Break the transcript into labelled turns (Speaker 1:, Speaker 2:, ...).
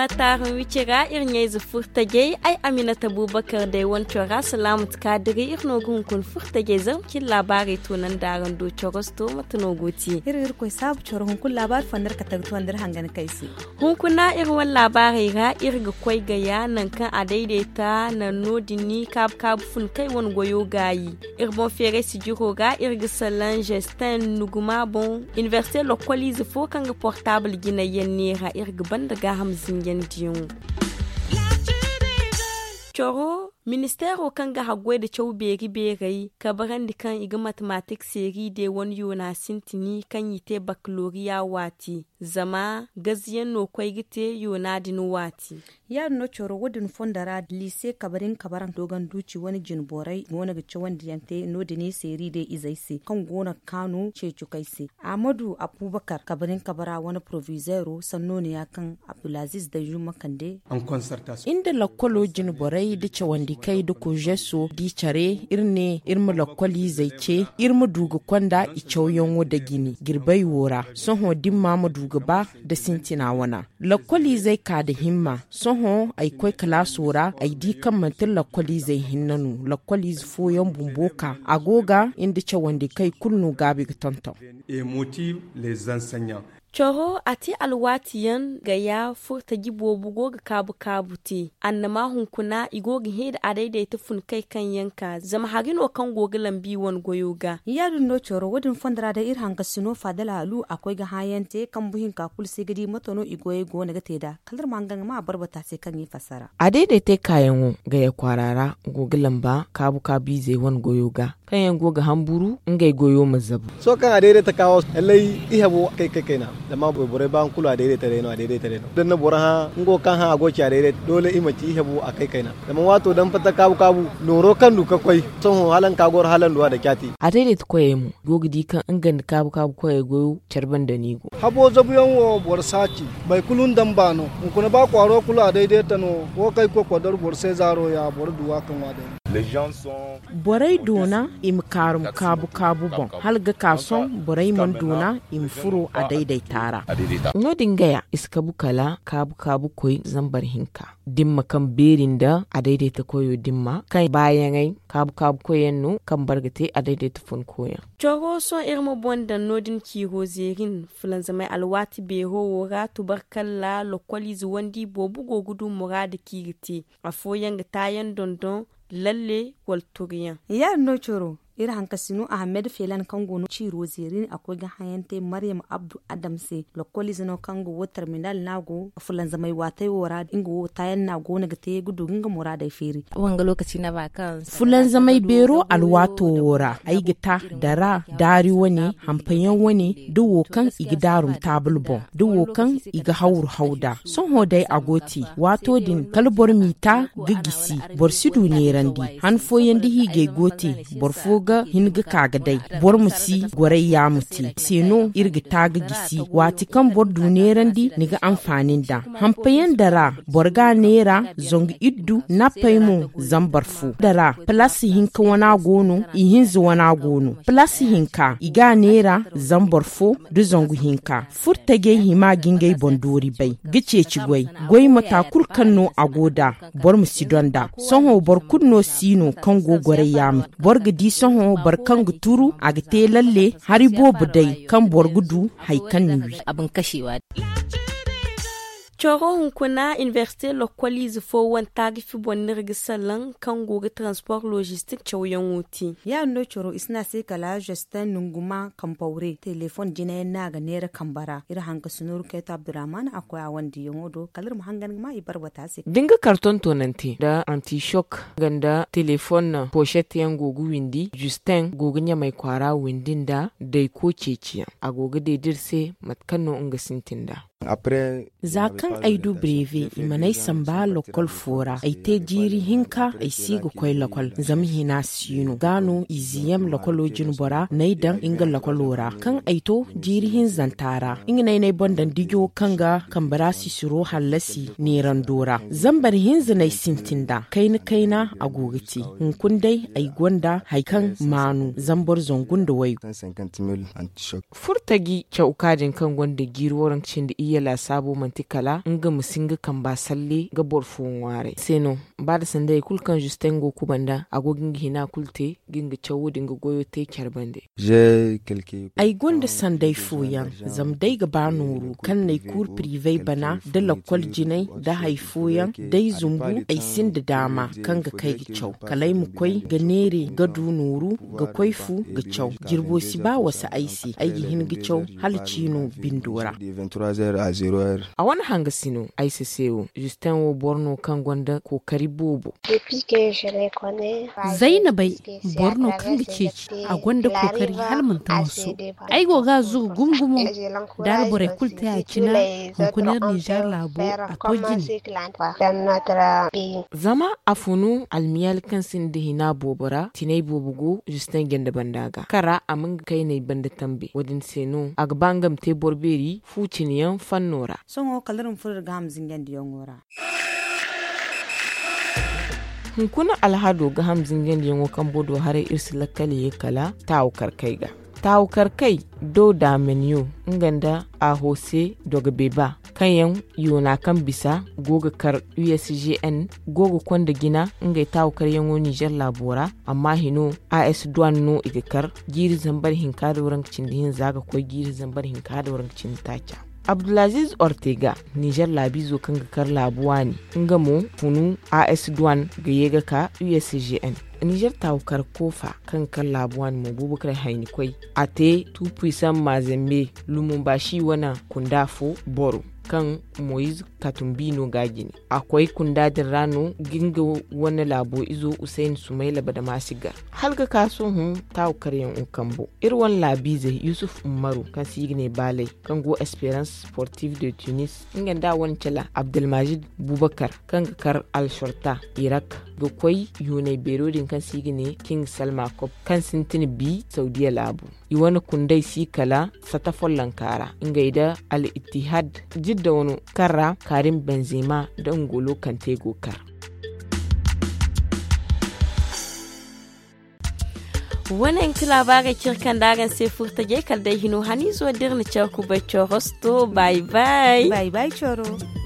Speaker 1: mata wicira irnyai zufurta furtage ai aminata bubakar da yawan cora salamu kadiri irno gunkun furtage gei zamkin labarai tunan daren do coros to matano goti irir ko
Speaker 2: sabu coro hunkun labar fandar ka tagto andar hangan kaisi
Speaker 1: hunkuna irwan labarai ra irga koi ga yanan kan a daidaita na nodini kab kab fun kai won goyo gayi irbon fere si jiro ga irga salan gestin nuguma bon université lokolize fo kan portable gina yan nera irga banda ga hamzin Dion. Choro ministero kan ga hagwai da cewa beri berayi ka barandi kan iga mathematics seri de wani yona sintini kan yi te baccalauria wati zama gaziyan no kwai gite yona din wati
Speaker 2: ya no choro wadin fondara lise kabarin kabaran dogon duci wani jin borai wani cewa wanda yante no dine seri de izaisi kan gona kano ce cukaisi amadu abubakar kabarin kabara wani provisero sanno ne ya kan abdulaziz da juma kande
Speaker 3: an concertation inda lakwalo jin borai da cewa kai duku jesu di care irne irmu lakwali ce irmu dugu kwanda icauyon da gini girbai wora soho dimma mu dugu ba da sintina wana lakwali zai ka da himma soho aikwai kalasora ai di kan mantin lakwali zai hinnanu lakwali foyon bumboka agoga inda cewa wanda kai kullu gabi tonton.
Speaker 2: Et
Speaker 1: Coro ati alwatiyan ga ya furta gibo bugo ga kabu kabu te, ma hunkuna igo ga a daidaita fun kai kan yanka, zama hagin
Speaker 2: o kan gogi lambi wan goyo ga. dun no coro wadin fandara da irhan ga sino fadala alu akwai ga hayan te kan buhin kakul sai gadi matano igo ya gona na ga teda, kalar ma ganga ma barbata sai kan yi fasara.
Speaker 4: A daidaita kayan ga ya kwarara gogi lamba kabu kabu zai wan goyo ga. kan yango ga hamburu ga goyo mazabu
Speaker 2: so kan adere ta kawo lai iha
Speaker 4: bo kai kai kaina da ma boy bore ban kula adere ta reno adere ta reno dan na bora ha go kan ha agoci adere dole imaci iha bo akai kaina da ma wato dan fata kabu kabu noro kan duka kwai son
Speaker 3: halan kagor halan duwa da kyati
Speaker 4: adere ta koye mu di kan ga kabu kabu koye goyo charban da nigo
Speaker 3: habo zabu yan wo bor saci bai kulun dan bano mun kuna ba kwaro kula daidai ta no ko kai ko kwadar bor zaro ya bor duwa kan wa borai dona im karum kabu kabu bon halga kason borai man dona im furu a daidai tara no
Speaker 4: gaya iska bukala kabu kabu koi zambar hinka dimma kan berin da a ta koyo dimma kai bayan ai kabu kabu koyen no kan bargate a daidaita fun koyan
Speaker 1: cogo so irma bonda nodin kiho zerin fulan zamai alwati be howora tubarkalla lokoli zuwandi bobu gogudu murada kiriti a foyan ga tayan dondon lalle walturiyan.
Speaker 2: Yar no coro ir hankasinu ahmed felan kango no ciro akwai ga hayante maryam abdu adamse lokoli zino kango wo terminal nago fulan zamai watai wora ingo wo tayan nago na gate gudu ginga mura da feri wanga lokaci na ba kan fulan zamai bero
Speaker 3: alwato wora ai gita dara dari wani hampanyan wani duwo kan igidarum tabulbon duwo kan iga hawur hauda son a agoti wato din kalbor mita gigisi borsidu ne randi hanfoyen dihi ga goti borfo ga hinga kagadai bor musi gwarai ya muti seno irga taga gisi wati kan bor duneran di niga amfanin da hampayen dara borga nera zong iddu na paimo zambarfu dara plasi hinka wana gono ihinzu wana gono plasi hinka iga nera zambarfu du zongu hinka furtage hima gingai bondori bai gice ci gwai gwai matakul kanno agoda bor musi donda sonho bor kunno sino kan go gwarai ya bor gidi son bar kan guturu a lalle haribo budai kan gudu haikan
Speaker 1: abin kashewa coro hunkuna université
Speaker 2: lokoliz fo wan tagi fi bon bonnirgi salan kango gogi transport logistique yon wuti ya no coro isna se kala justin nunguma kampaure telefon jine na ga nera kambara ira hanga sunur keta abdurrahman akwai awan di odo kalir mu hangan ma ibar wata se
Speaker 4: dinga karton tonanti da anti shock ganda telefon pochette yan gogu windi justin gogu mai kwara windin da dai ko a agogi daidir
Speaker 3: dirse matkanno inga sintinda
Speaker 4: zakan aidu
Speaker 3: breve imanai samba lokol fora aite jiri hinka aisi go lokol zam hina sinu gano iziyam lokolojin bora naidan inga lokolora kan aito jiri hin zantara inga nai nai bondan dijo kanga kambara sisiro halasi neran dora zambar hin zinai sintinda kaina kaina agogiti nkundai aigwanda ai haikan manu zambor zongun da wai. furtagi kyaukajin
Speaker 4: kan gwanda girorin cin da yela sabo manti kala nga kan kamba salli ga borfo ware seno bada sanda ya kulkan justin go kubanda ago ginga hina kulte
Speaker 3: ginga chawo dinga goyo te kyarbande
Speaker 4: je kelke ai
Speaker 3: gonda sandai foyan zamdai ga ba nuru kan nai kur prive bana da lakwal jinai da haifoyan dai zumbu ai sin da dama kan ga kai gi chau kalai mu kwai ga nere ga du nuru ga kwaifu ga chau jirbo si ba wasa aisi ai gihin ga chau halci
Speaker 4: no bindora a a wani hanga sino aisa sewo justin wo borno kan gwanda ko bobo.
Speaker 2: zainabai borno kan gice a gwanda kokari halmanta musu ai goga zuwa gungumo albore kulta ya cina hankunar nijar labo a kogin
Speaker 4: zama a funu almiyal kan sin da hina bobara tinai bobugo justin gende bandaga kara a amin kai ne banda tambe wadin seno a gaban gamte borberi yan fannora
Speaker 2: songo kalarin furir gamzin gendi yongora
Speaker 4: hunkuna alhado ga hamzin gendi yongo kambodo hare irsi lakali ya kala ga. Ta tawo kai do da menu nganda a hose daga beba kan yona kan bisa goga kar usgn goga kwanda gina ngai tawo kar yango niger labora amma hino as duan no igakar giri zambar hinkada da wurin cin zaga ko giri zambar hinkada da wurin cin tacha abdulaziz ortega niger labizo kan kar labuwa ne ngamo funu as duan ga yega ka usgn niger taukar kofa kan kan labuwan mu bubukar hainikwai a te tupuisan mazembe lumumbashi wana kundafo boro kan moise katumbino gagini akwai kundadin rano ginga wani labo izo usain sumaila bada masigar halga kaso hun ta karyan ukambo irwan labize yusuf umaru kan sigine balai kan go esperance sportive de tunis ingan da wancala abdulmajid bubakar kan kar al shorta iraq ga kwai yunai berodin kan sigine king salma kop kan sintini bi saudiya labu wani kundai si kala sata follan kara ngaida al ittihad jidda wani kara karin benzema da ngolo kante gokar
Speaker 1: wannan labarai kirkan dagan sai furta je kaldai hino hani zuwa dirni ku bai bye bye bye bye choro